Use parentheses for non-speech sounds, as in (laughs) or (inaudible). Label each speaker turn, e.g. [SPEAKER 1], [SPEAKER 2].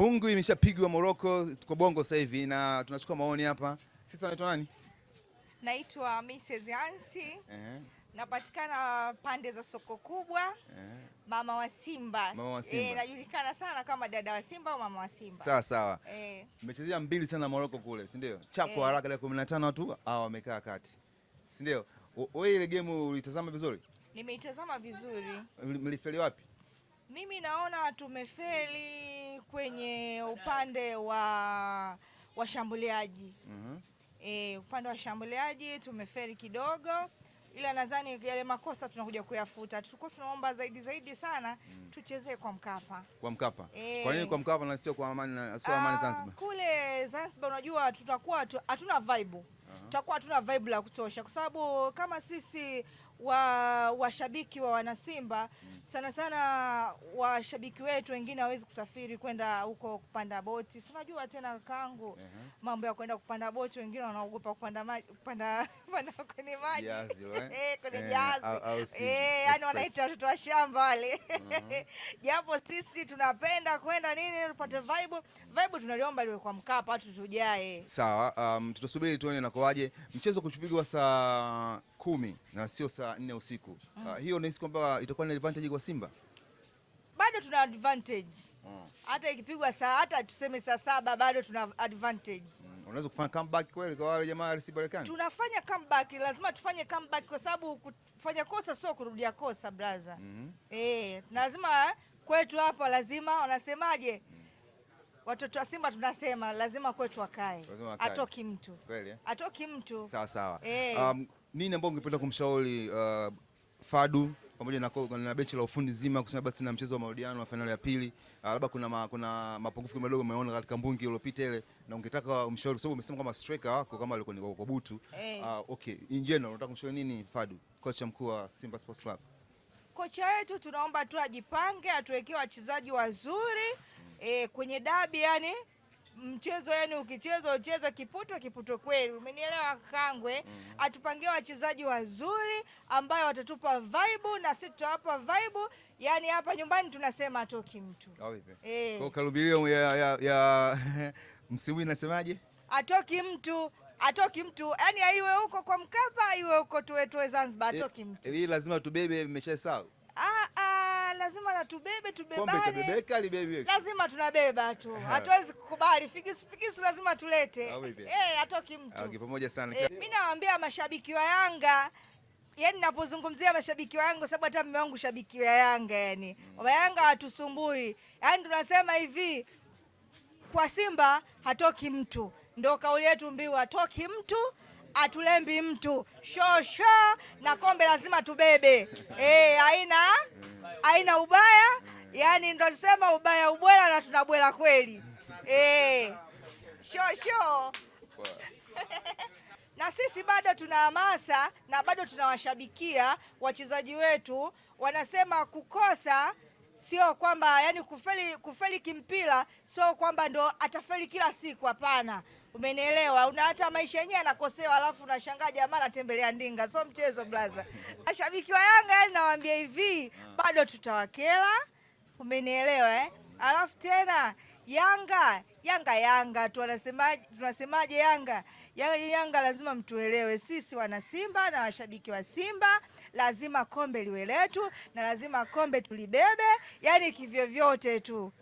[SPEAKER 1] Bungu imeshapigwa Morocco, kwa Bongo sasa hivi na tunachukua maoni hapa. Sasa anaitwa nani?
[SPEAKER 2] Naitwa Mrs. Yansi. Eh. Napatikana pande za soko kubwa eh. Mama wa Simba, mama wa Simba. E, najulikana sana kama dada wa Simba au mama wa Simba. Sawa sawa. Eh.
[SPEAKER 1] Mmechezea mbili sana Morocco kule, si ndio? Chapo eh. haraka dakika 15 tu hao wamekaa kati. Si ndio? Wewe ile game ulitazama vizuri?
[SPEAKER 2] Nimeitazama vizuri.
[SPEAKER 1] Mlifeli wapi?
[SPEAKER 2] Mimi naona tumefeli kwenye upande wa washambuliaji mm -hmm. E, upande wa washambuliaji tumeferi kidogo, ila nadhani yale makosa tunakuja kuyafuta. Tulikuwa tunaomba zaidi zaidi sana mm. tuchezee kwa Mkapa, kwa Mkapa e.
[SPEAKER 1] Kwa nini kwa Mkapa na sio kwa Amani, sio Amani ah, Zanzibar?
[SPEAKER 2] Kule Zanzibar unajua tutakuwa hatuna vibe tutakuwa hatuna vibe la kutosha, kwa sababu kama sisi washabiki wa, wanasimba sana sana washabiki wetu wengine hawezi kusafiri kwenda huko kupanda boti, si unajua tena kangu uh -huh. mambo ya kwenda kupanda boti, wengine wanaogopa kupanda maji, (laughs) kupanda kwenye maji (laughs) eh, kwenye eh, eh yani wanaita watoto wa shamba wale uh-huh. (laughs) japo uh -huh. sisi tunapenda kwenda nini tupate vibe. Vibe tunaliomba liwe kwa Mkapa, watu tujae.
[SPEAKER 1] Sawa, um, tutasubiri tuone nakoaje. Ingawaje mchezo kuchupigwa saa kumi na sio saa nne usiku mm. Uh, hiyo nahisi kwamba itakuwa ni advantage kwa Simba,
[SPEAKER 2] bado tuna advantage ah. hata ikipigwa saa hata tuseme saa saba bado tuna advantage mm.
[SPEAKER 1] Unaweza kufanya comeback kweli kwa wale jamaa RC Berkane.
[SPEAKER 2] Tunafanya comeback, lazima tufanye comeback kwa sababu kufanya kosa sio kurudia kosa brother. mm -hmm. Eh, lazima kwetu hapa lazima wanasemaje? mm. Watoto wa Simba tunasema lazima kwetu wakae, atoki mtu kweli, eh? atoki mtu sawa sawa. E.
[SPEAKER 1] Um, nini ambao ungependa kumshauri uh, Fadu pamoja na, na benchi la ufundi zima kusema basi na mchezo wa marudiano wa fainali ya pili uh, labda kuna, ma, kuna mapungufu madogo umeona katika mbungi uliopita ile na ungetaka umshauri kwa sababu umesema kama striker wako kama alikuwa ni kwa butu. Eh. Uh, okay, in general unataka kumshauri nini Fadu, kocha mkuu wa Simba Sports Club?
[SPEAKER 2] kocha wetu tunaomba tu ajipange, atuwekee wachezaji wazuri e, kwenye dabi yani mchezo yani ukichezwa ucheza kiputo kiputo kweli, umenielewa Kangwe? Mm-hmm. Atupangie wachezaji wazuri ambayo watatupa vaibu na sisi tutawapa vaibu, yani hapa nyumbani tunasema atoki mtu e.
[SPEAKER 1] Karubilio ya, ya, ya (laughs) msimu inasemaje?
[SPEAKER 2] Atoki mtu atoki mtu, yani aiwe huko kwa Mkapa iwe huko tuwe tuwe Zanzibar, atoki mtu.
[SPEAKER 1] Eh, hii lazima tubebe, mmeshasahau
[SPEAKER 2] ah, ah, lazima la tubebe,
[SPEAKER 1] tubebane,
[SPEAKER 2] lazima tunabeba tu, (laughs) hatuwezi kukubali figisu figisu, lazima tulete. Eh, atoki mtu.
[SPEAKER 1] Okay, pamoja sana. hey. Eh,
[SPEAKER 2] mimi nawaambia mashabiki wa Yanga yani napozungumzia mashabiki wa Yanga, sababu hata mume wangu shabiki wa Yanga, yani mm. wa Yanga watusumbui, yani tunasema hivi kwa Simba hatoki mtu. Ndo kauli yetu mbiu, atoki mtu atulembi mtu shosho, na kombe lazima tubebe. (laughs) E, haina haina ubaya, yani ndo tusema ubaya ubwela, na tunabwela kweli e, shosho (laughs) na sisi bado tuna hamasa na bado tunawashabikia wachezaji wetu, wanasema kukosa sio kwamba yani kufeli, kufeli kimpira sio kwamba ndo atafeli kila siku, hapana. Umenielewa? una hata maisha yenyewe anakosewa, alafu unashangaa jamaa anatembelea ndinga. So mchezo blaza, mashabiki wa Yanga yani nawaambia hivi, ah. bado tutawakela. Umenielewa eh? alafu tena Yanga Yanga Yanga tu Tunasemaje Yanga Yanga Yanga, lazima mtuelewe sisi wana Simba na washabiki wa Simba, lazima kombe liwe letu na lazima kombe tulibebe, yani kivyovyote tu.